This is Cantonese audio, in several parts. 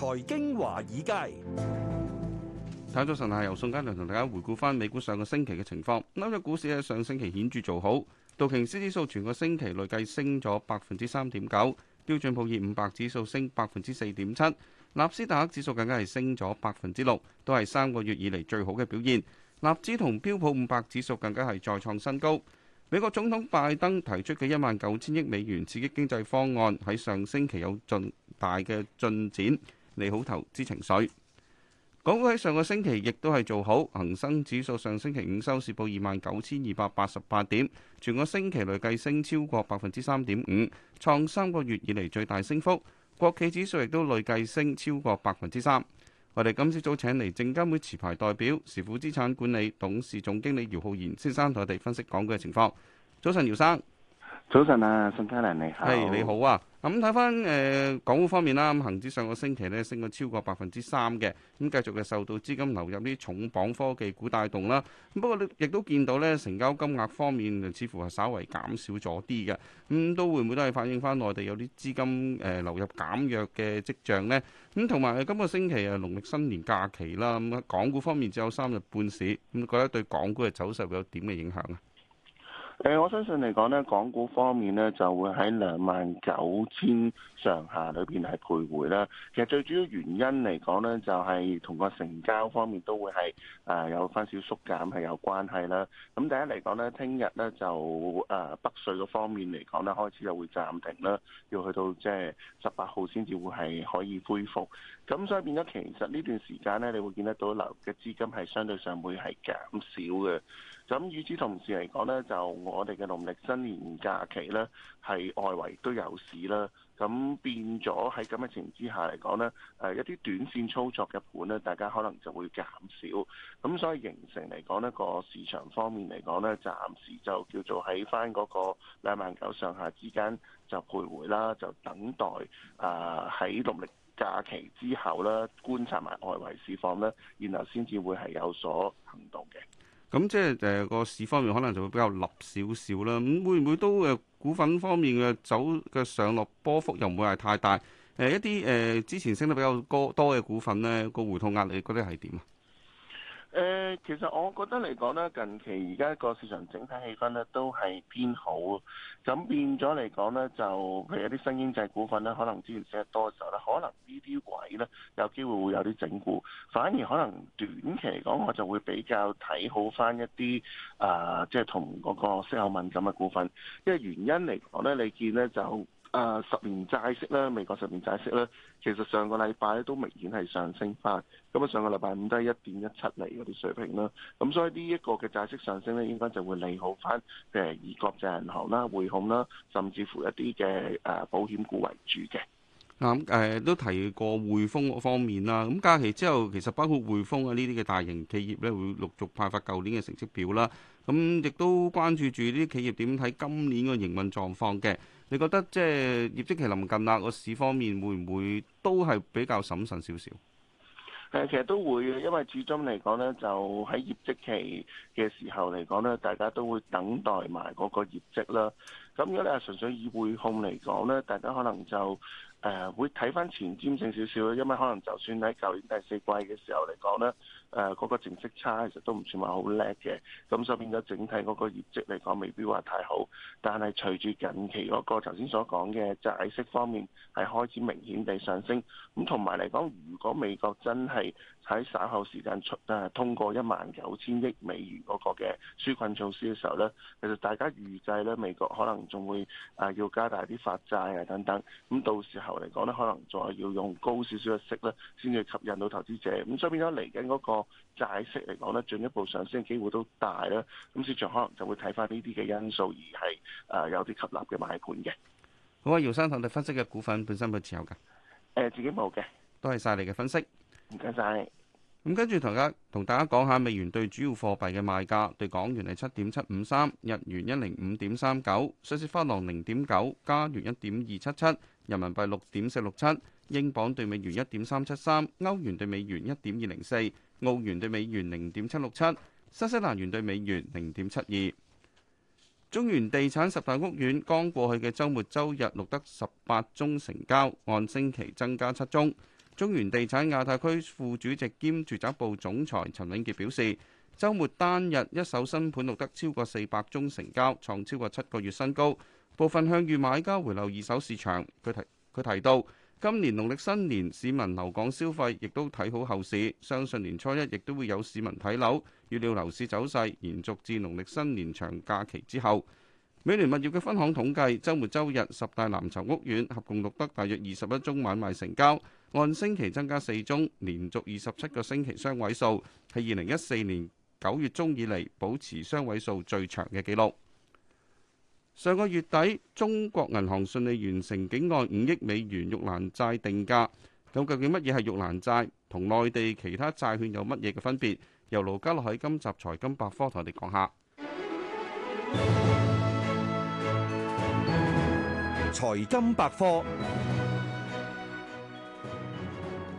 財經華爾街，睇咗晨下由宋嘉良同大家回顧返美股上個星期嘅情況。紐約股市喺上星期顯著做好，道瓊斯指數全個星期累計升咗百分之三點九，標準普爾五百指數升百分之四點七，納斯達克指數更加係升咗百分之六，都係三個月以嚟最好嘅表現。納指同標普五百指數更加係再創新高。美國總統拜登提出嘅一萬九千億美元刺激經濟方案喺上星期有進大嘅進展。利好投資情緒，港股喺上個星期亦都係做好，恒生指數上星期五收市報二萬九千二百八十八點，全個星期累計升超過百分之三點五，創三個月以嚟最大升幅。國企指數亦都累計升超過百分之三。我哋今朝早請嚟證監會持牌代表時富資產管理董事總經理姚浩然先生同我哋分析港股嘅情況。早晨，姚生。早晨啊，宋嘉良，你好。係、hey, 你好啊。咁，睇翻誒港股方面啦，咁恒指上個星期咧升咗超過百分之三嘅，咁繼、嗯、續嘅受到資金流入啲重磅科技股帶動啦。咁、嗯、不過你亦都見到咧成交金額方面，似乎係稍微減少咗啲嘅，咁、嗯、都會唔會都係反映翻內地有啲資金誒、呃、流入減弱嘅跡象呢？咁同埋今個星期誒農曆新年假期啦，咁、嗯、港股方面只有三日半市，咁、嗯、覺得對港股嘅走勢會有點嘅影響啊？誒，我相信嚟講咧，港股方面咧就會喺兩萬九千上下裏邊係徘徊啦。其實最主要原因嚟講咧，就係同個成交方面都會係誒有翻少縮減係有關係啦。咁第一嚟講咧，聽日咧就誒北水嘅方面嚟講咧，開始就會暫停啦，要去到即係十八號先至會係可以恢復。咁所以變咗，其實呢段時間咧，你會見得到流嘅資金係相對上會係減少嘅。咁與此同時嚟講呢，就我哋嘅農曆新年假期呢，係外圍都有市啦。咁變咗喺咁嘅情之下嚟講呢，誒一啲短線操作嘅盤呢，大家可能就會減少。咁所以形成嚟講呢，個市場方面嚟講呢，暫時就叫做喺返嗰個兩萬九上下之間就徘徊啦，就等待誒喺農曆假期之後呢，觀察埋外圍市況呢，然後先至會係有所行動嘅。咁即係誒個市方面可能就會比較立少少啦，咁會唔會都誒股份方面嘅走嘅上落波幅又唔會係太大？誒一啲誒之前升得比較高多嘅股份咧，個回吐壓力覺得係點啊？誒、呃，其實我覺得嚟講咧，近期而家個市場整體氣氛咧都係偏好，咁變咗嚟講呢就譬如一啲新經濟股份呢可能之前升得多嘅時候呢可能這些呢啲位呢有機會會有啲整固，反而可能短期嚟講，我就會比較睇好返一啲啊，即係同嗰個息口敏感嘅股份，因為原因嚟講呢你見呢就。誒、啊、十年債息啦，美國十年債息啦，其實上個禮拜咧都明顯係上升翻，咁啊上個禮拜五都係一點一七釐嗰啲水平啦。咁所以呢一個嘅債息上升咧，應該就會利好翻誒以國際銀行啦、匯控啦，甚至乎一啲嘅誒保險股為主嘅。嗱咁都提過匯豐方面啦。咁假期之後，其實包括匯豐啊呢啲嘅大型企業咧，會陸續派發舊年嘅成績表啦。咁亦都關注住啲企業點睇今年個營運狀況嘅，你覺得即係業績期臨近啦，個市方面會唔會都係比較審慎少少？誒，其實都會，因為始終嚟講咧，就喺業績期嘅時候嚟講咧，大家都會等待埋嗰個業績啦。咁如果你係純粹以匯控嚟講咧，大家可能就誒、呃、會睇翻前瞻性少少，因為可能就算喺舊年第四季嘅時候嚟講咧。誒、呃、嗰、嗰個淨息差其實都唔算話好叻嘅，咁所以變咗整體嗰個業績嚟講，未必話太好。但係隨住近期嗰個頭先所講嘅債息方面係開始明顯地上升，咁同埋嚟講，如果美國真係，喺稍後時間出啊，通過一萬九千億美元嗰個嘅紓困措施嘅時候咧，其實大家預計咧美國可能仲會啊要加大啲發債啊等等，咁到時候嚟講咧，可能仲係要用高少少嘅息咧，先至吸引到投資者，咁所以變咗嚟緊嗰個債息嚟講咧，進一步上升機會都大啦，咁市場可能就會睇翻呢啲嘅因素而係啊有啲吸納嘅買盤嘅。好啊，姚生，同你分析嘅股份本身有冇持有噶？誒、呃，自己冇嘅。多謝晒你嘅分析。唔該晒。咁跟住同家同大家講下美元對主要貨幣嘅賣價，對港元係七點七五三，日元一零五點三九，瑞士法郎零點九，加元一點二七七，人民幣六點四六七，英鎊對美元一點三七三，歐元對美元一點二零四，澳元對美元零點七六七，新西蘭元對美元零點七二。中原地產十大屋苑剛過去嘅週末周日錄得十八宗成交，按星期增加七宗。中原地產亞太區副主席兼住宅部總裁陳永傑表示，周末單日一手新盤錄得超過四百宗成交，創超過七個月新高。部分向隅買家回流二手市場。佢提佢提到，今年農曆新年市民留港消費亦都睇好後市，相信年初一亦都會有市民睇樓。預料樓市走勢延續至農曆新年長假期之後。美聯物業嘅分行統計，周末周日十大藍籌屋苑合共錄得大約二十一宗買賣成交。按星期增加四宗，連續二十七個星期雙位數，係二零一四年九月中以嚟保持雙位數最長嘅記錄。上個月底，中國銀行順利完成境外五億美元玉蘭債定價。咁究竟乜嘢係玉蘭債？同內地其他債券有乜嘢嘅分別？由盧家樂喺今集財金百科同我哋講下。財金百科。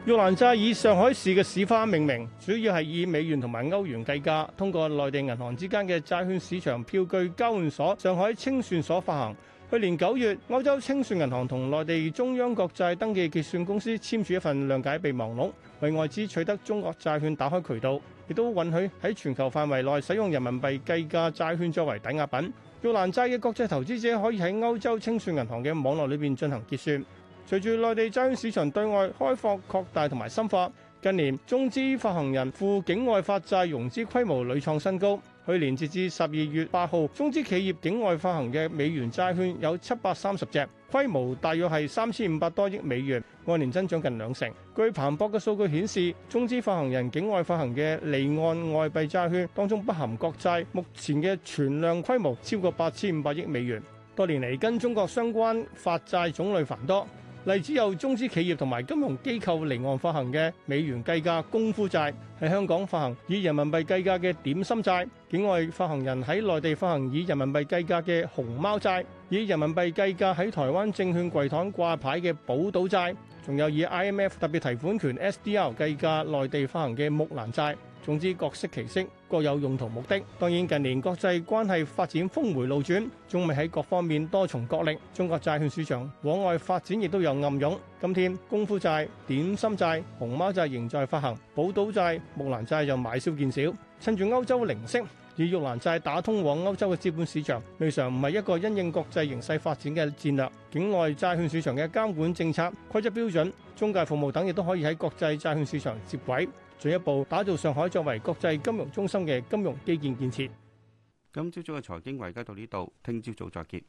玉蘭債以上海市嘅市花命名，主要係以美元同埋歐元計價，通過內地銀行之間嘅債券市場票據交換所、上海清算所發行。去年九月，歐洲清算銀行同內地中央國債登記結算公司簽署一份諒解備忘錄，為外資取得中國債券打開渠道，亦都允許喺全球範圍內使用人民幣計價債券作為抵押品。玉蘭債嘅國際投資者可以喺歐洲清算銀行嘅網絡裏邊進行結算。隨住內地債券市場對外開放擴大同埋深化，近年中資發行人赴境外發債融資規模屢創新高。去年截至十二月八號，中資企業境外發行嘅美元債券有七百三十隻，規模大約係三千五百多億美元，按年增長近兩成。據彭博嘅數據顯示，中資發行人境外發行嘅離岸外幣債券當中不含國債，目前嘅存量規模超過八千五百億美元。多年嚟，跟中國相關發債種類繁多。例子有中資企業同埋金融機構離岸發行嘅美元計價功夫債，喺香港發行以人民幣計價嘅點心債，境外發行人喺內地發行以人民幣計價嘅熊貓債，以人民幣計價喺台灣證券櫃檯掛牌嘅寶島債。仲有以 IMF 特別提款權 SDR 計價內地發行嘅木蘭債，總之各式其式，各有用途目的。當然近年國際關係發展峰回路轉，中美喺各方面多重角力，中國債券市場往外發展亦都有暗湧。今天功夫債、點心債、熊貓債仍在發行，寶島債、木蘭債又買少見少，趁住歐洲零息。以玉蘭債打通往歐洲嘅資本市場，未嘗唔係一個因應國際形勢發展嘅戰略。境外債券市場嘅監管政策、規則標準、中介服務等，亦都可以喺國際債券市場接軌，進一步打造上海作為國際金融中心嘅金融基建建設。今朝早嘅財經華爾街到呢度，聽朝早再見。